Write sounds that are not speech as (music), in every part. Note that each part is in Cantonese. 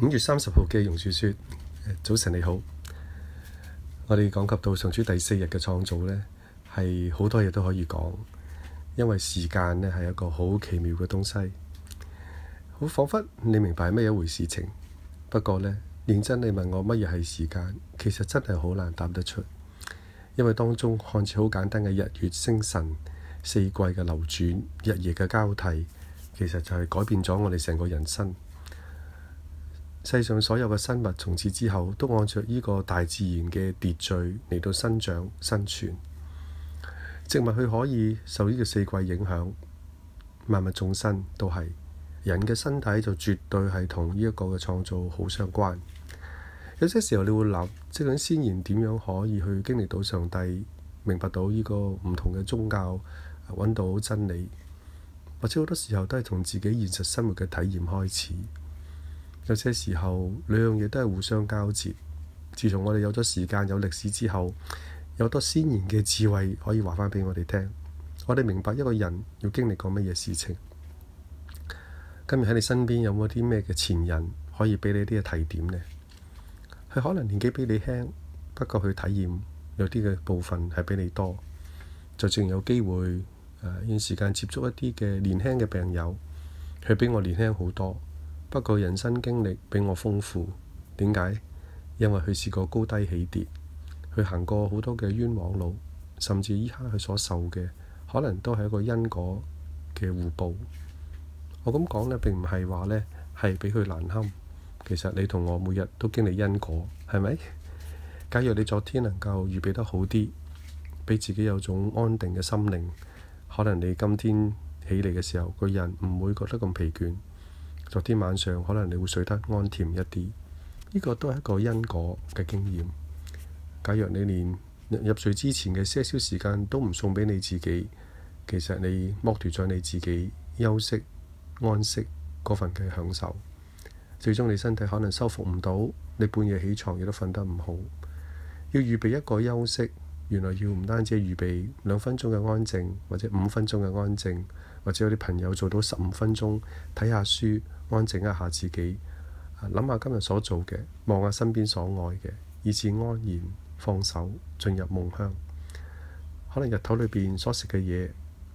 五月三十號嘅容小雪，早晨你好。我哋講及到上主第四日嘅創造呢，係好多嘢都可以講，因為時間呢係一個好奇妙嘅東西，好仿佛你明白咩一回事情。不過呢，認真你問我乜嘢係時間，其實真係好難答得出，因為當中看似好簡單嘅日月星辰、四季嘅流轉、日夜嘅交替，其實就係改變咗我哋成個人生。世上所有嘅生物，從此之後都按著呢個大自然嘅秩序嚟到生長生存。植物佢可以受呢個四季影響，萬物眾生都係。人嘅身體就絕對係同呢一個嘅創造好相關。有些時候你會諗，即係先賢點樣可以去經歷到上帝，明白到呢個唔同嘅宗教揾到真理，或者好多時候都係同自己現實生活嘅體驗開始。有些時候，兩樣嘢都係互相交接。自從我哋有咗時間、有歷史之後，有多先賢嘅智慧可以話翻俾我哋聽。我哋明白一個人要經歷過乜嘢事情。今日喺你身邊有冇啲咩嘅前人可以俾你啲嘅提點呢？佢可能年紀比你輕，不過佢體驗有啲嘅部分係比你多。就算有機會誒，現時間接觸一啲嘅年輕嘅病友，佢比我年輕好多。不過人生經歷比我豐富，點解？因為佢試過高低起跌，佢行過好多嘅冤枉路，甚至依家佢所受嘅，可能都係一個因果嘅互報。我咁講呢，並唔係話呢係俾佢難堪。其實你同我每日都經歷因果，係咪？假如你昨天能夠預備得好啲，俾自己有種安定嘅心靈，可能你今天起嚟嘅時候，個人唔會覺得咁疲倦。昨天晚上可能你會睡得安甜一啲，呢個都係一個因果嘅經驗。假若你連入睡之前嘅些少時間都唔送俾你自己，其實你剝奪咗你自己休息安息嗰份嘅享受。最終你身體可能修復唔到，你半夜起床亦都瞓得唔好。要預備一個休息，原來要唔單止預備兩分鐘嘅安靜或者五分鐘嘅安靜，或者有啲朋友做到十五分鐘睇下書。安靜一下自己，諗下今日所做嘅，望下身邊所愛嘅，以至安然放手進入夢鄉。可能日頭裏邊所食嘅嘢，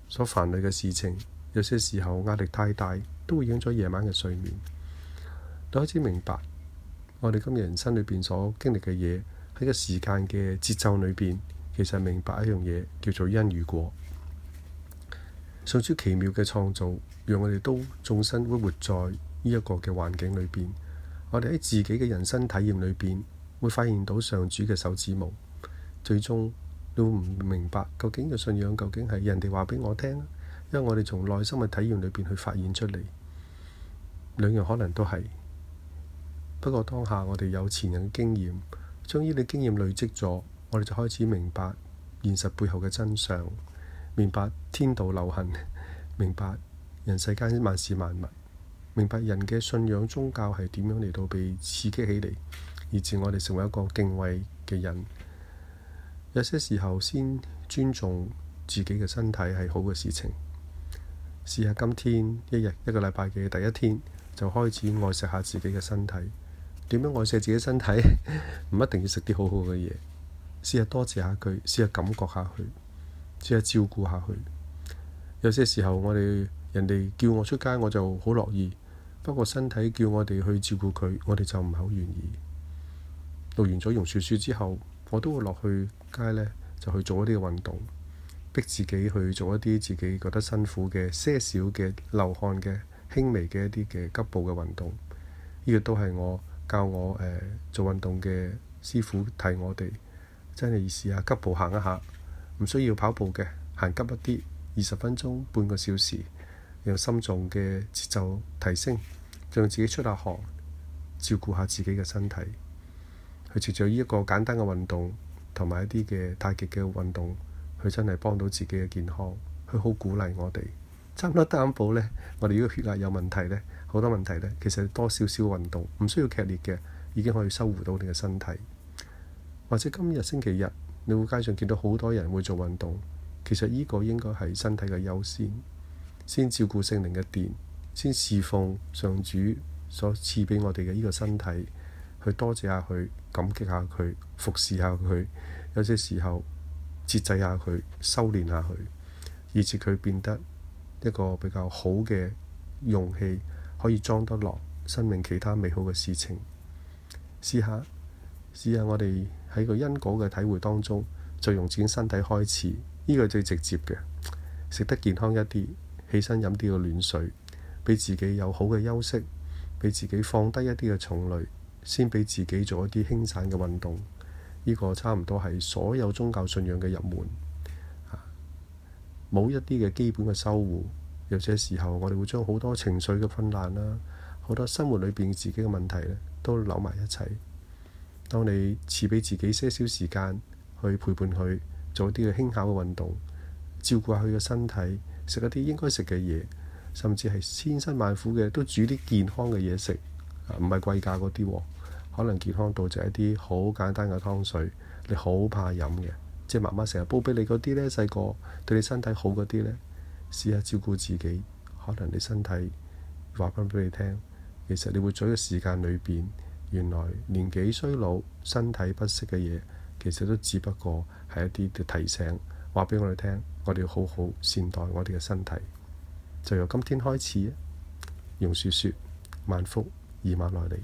所煩惱嘅事情，有些時候壓力太大，都會影響咗夜晚嘅睡眠。都開始明白，我哋今日人生裏邊所經歷嘅嘢，喺個時間嘅節奏裏邊，其實明白一樣嘢叫做因與果。上主奇妙嘅創造，讓我哋都眾生會活在呢一個嘅環境裏邊。我哋喺自己嘅人生體驗裏邊，會發現到上主嘅手指模，最終都唔明白究竟嘅信仰究竟係人哋話俾我聽，因為我哋從內心嘅體驗裏邊去發現出嚟，兩樣可能都係。不過當下我哋有前人嘅經驗，將呢啲經驗累積咗，我哋就開始明白現實背後嘅真相。明白天道流行，明白人世間萬事萬物，明白人嘅信仰宗教係點樣嚟到被刺激起嚟，以致我哋成為一個敬畏嘅人。有些時候先尊重自己嘅身體係好嘅事情。試下今天一日一個禮拜嘅第一天就開始愛惜下自己嘅身體。點樣愛惜自己身體？唔 (laughs) 一定要食啲好好嘅嘢。試下多謝下佢，試下感覺下去。即係照顧下去。有些時候，我哋人哋叫我出街，我就好樂意。不過身體叫我哋去照顧佢，我哋就唔係好願意。讀完咗榕樹書之後，我都會落去街呢，就去做一啲嘅運動，逼自己去做一啲自己覺得辛苦嘅些少嘅流汗嘅輕微嘅一啲嘅急步嘅運動。呢、呢個都係我教我誒、呃、做運動嘅師傅提我哋，真係試下急步行一下。唔需要跑步嘅，行急一啲，二十分鐘、半個小時，讓心臟嘅節奏提升，讓自己出下汗，照顧下自己嘅身體。去持續呢一個簡單嘅運動，同埋一啲嘅太極嘅運動，佢真係幫到自己嘅健康。佢好鼓勵我哋，差唔多擔保呢。我哋依個血壓有問題呢，好多問題呢，其實多少少運動，唔需要劇烈嘅，已經可以修護到你嘅身體。或者今日星期日。你會街上見到好多人會做運動，其實呢個應該係身體嘅優先，先照顧聖靈嘅電，先侍奉上主所賜俾我哋嘅呢個身體，去多謝下佢，感激下佢，服侍下佢，有些時候節制下佢，修煉下佢，以至佢變得一個比較好嘅容器，可以裝得落生命其他美好嘅事情。試下試下我哋。喺個因果嘅體會當中，就用自己身體開始，呢個最直接嘅，食得健康一啲，起身飲啲嘅暖水，俾自己有好嘅休息，俾自己放低一啲嘅重累，先俾自己做一啲輕散嘅運動，呢個差唔多係所有宗教信仰嘅入門，冇一啲嘅基本嘅修護，有些時候我哋會將好多情緒嘅困難啦，好多生活裏邊自己嘅問題咧，都扭埋一齊。當你賜俾自己些少時間去陪伴佢，做啲嘅輕巧嘅運動，照顧下佢嘅身體，食一啲應該食嘅嘢，甚至係千辛萬苦嘅都煮啲健康嘅嘢食，唔係貴價嗰啲，可能健康到就係一啲好簡單嘅湯水，你好怕飲嘅，即係媽媽成日煲俾你嗰啲呢，細個對你身體好嗰啲呢，試下照顧自己，可能你身體話翻俾你聽，其實你會做嘅時間裏邊。原來年紀衰老、身體不適嘅嘢，其實都只不過係一啲嘅提醒，話俾我哋聽，我哋要好好善待我哋嘅身體，就由今天開始啊！榕樹説：萬福二萬來利。